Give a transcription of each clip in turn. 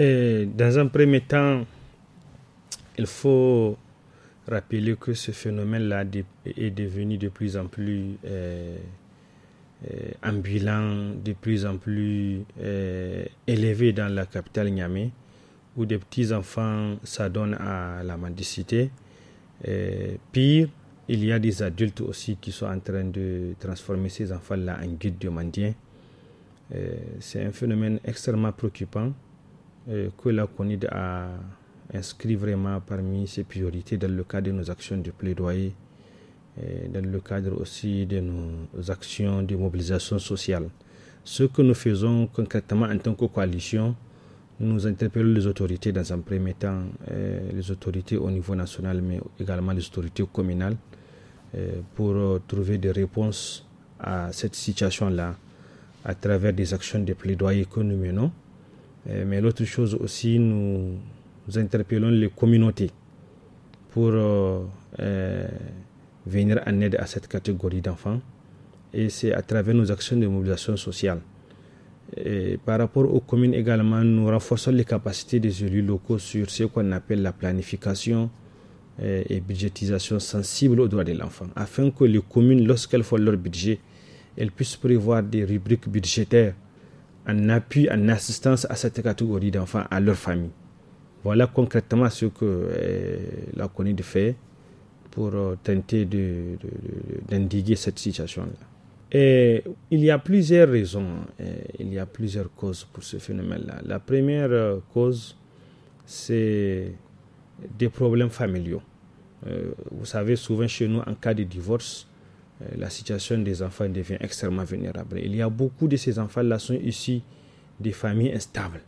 Eh, dans un premier temps, il faut rappeler que ce phénomène-là est devenu de plus en plus eh, eh, ambulant, de plus en plus élevé dans la capitale Niamey, où des petits-enfants s'adonnent à la mendicité. pire, il y a des adultes aussi qui sont en train de transformer ces enfants-là en guides de mendiants. C'est un phénomène extrêmement préoccupant. Euh, que la CONID a inscrit vraiment parmi ses priorités dans le cadre de nos actions de plaidoyer, euh, dans le cadre aussi de nos actions de mobilisation sociale. Ce que nous faisons concrètement en tant que coalition, nous interpellons les autorités dans un premier temps, euh, les autorités au niveau national, mais également les autorités communales, pour trouver des réponses à cette situation-là à travers des actions de plaidoyer que nous menons euh, mais l'autre chose aussi, nous, interpellons les communautés pour euh, euh, venir en aide à cette catégorie d'enfants. Et c'est à travers nos actions de mobilisation sociale. par rapport aux communes également, nous renforçons les capacités des élus locaux sur ce qu'on appelle la planification et budgétisation sensible aux droits de l'enfant, afin que les communes, lorsqu'elles font leur budget, elles puissent prévoir des rubriques budgétaires en appui, en assistance à cette catégorie d'enfants, à leur famille. Voilà concrètement ce que eh, la de fait pour euh, tenter de, cette situation-là. Et il y a plusieurs raisons, eh, il y a plusieurs causes pour ce phénomène-là. La première euh, cause, c'est des problèmes familiaux. Euh, vous savez, souvent chez nous, en cas de divorce, euh, la situation des enfants devient extrêmement vulnérable. Il y a beaucoup de ces enfants-là sont issus des familles instables.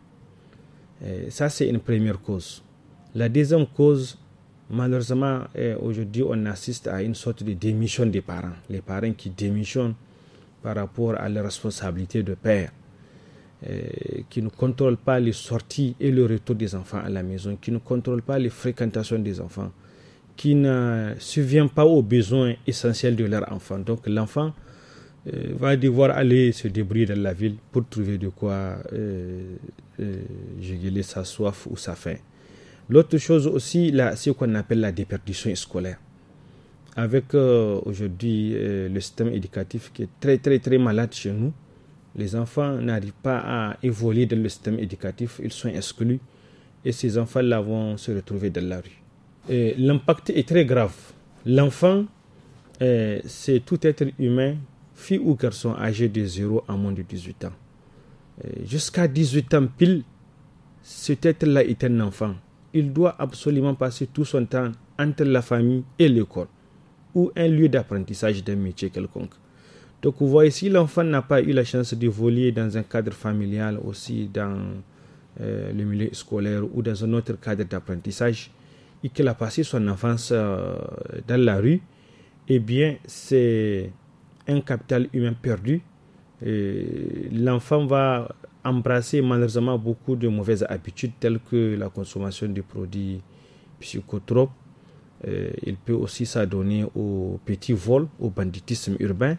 Euh, ça, c'est une première cause. La deuxième cause, malheureusement, euh, aujourd'hui, on assiste à une sorte de démission des parents. Les parents qui démissionnent par rapport à leurs responsabilités de père, qui ne contrôlent pas les sorties et le retour des enfants à la maison, qui ne contrôlent pas les fréquentations des enfants qui ne survient pas aux besoins essentiels de leur enfant. Donc l'enfant euh, va devoir aller se débrouiller dans la ville pour trouver de quoi euh, euh sa soif ou sa faim. L'autre chose aussi, c'est ce qu'on appelle la déperdition scolaire. Avec euh, aujourd'hui le système éducatif qui est très très très malade chez nous, les enfants n'arrivent pas à évoluer dans le système éducatif, ils sont exclus et ces enfants-là vont se retrouver dans la rue l'impact est très grave. L'enfant, eh, c'est tout être humain, fille ou garçon âgé de 0 à moins de 18 ans. Eh, jusqu'à 18 ans pile, cet être-là est un enfant. Il doit absolument passer tout son temps entre la famille et l'école ou un lieu d'apprentissage d'un métier quelconque. Donc vous voyez, si l'enfant n'a pas eu la chance de voler dans un cadre familial, aussi dans eh, le milieu scolaire ou dans un autre cadre d'apprentissage, et qu'elle a passé son enfance euh, dans la rue, eh bien, c'est un capital humain perdu. L'enfant va embrasser malheureusement beaucoup de mauvaises habitudes telles que la consommation de produits psychotropes. Euh, il peut aussi s'adonner au petit vol, au banditisme urbain.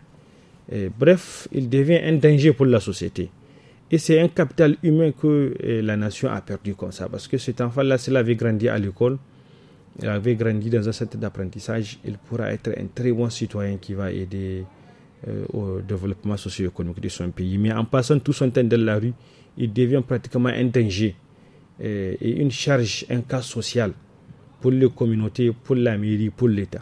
bref, il devient un danger pour la société. Et c'est un capital humain que euh, la nation a perdu comme ça, parce que cet enfant-là, s'il avait grandi à l'école, il avait grandi dans un centre d'apprentissage, il pourra être un très bon citoyen qui va aider eh, au développement socio-économique de son pays. Mais en passant tout son temps dans la rue, il devient pratiquement un danger eh, et une charge, un cas social pour les communautés, pour la mairie, pour l'État.